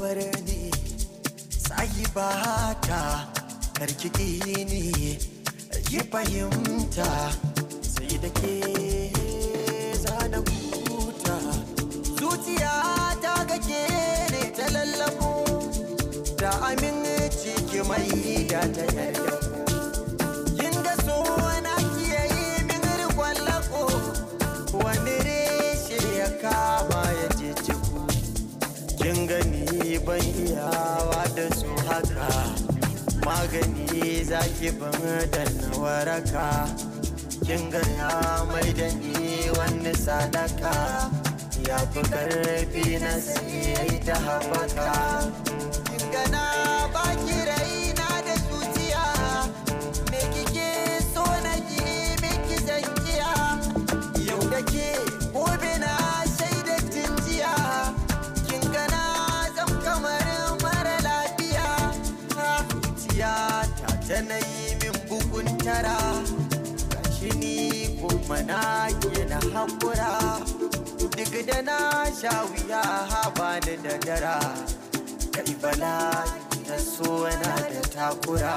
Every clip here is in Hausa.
barni sahibata karkiki ne ki fahimta sai da ke zana da huta zuciya ta ga ke ne ta lallabo da aminci ki mai da ta yarda ban iyawa da su haka magani zaki ban danna waraka kin gaya mai da ni wani sadaka ya fi karfi na sai ta haɓaka kin ta na yi min bugun tara gashi ni kuma na na haƙura duk da na sha wuya haba da dadara kai bala na so na da takura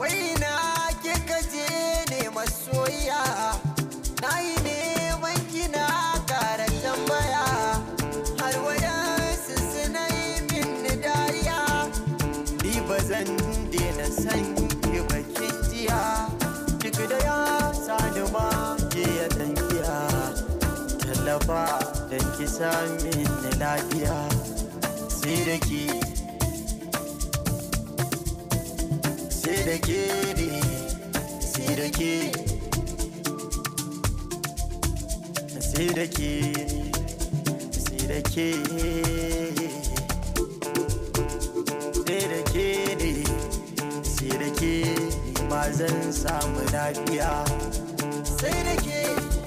wai na ke kaje ne masoya na yi neman kina ƙara tambaya har su suna yi min dariya ni ba zan san ki jiya duk da ya sani ma ki ya dangiya tallafa da ki sami lafiya sai da ki sai da ke ne sai da ke sai da ke sai da ke zan samu lafiya sai da ke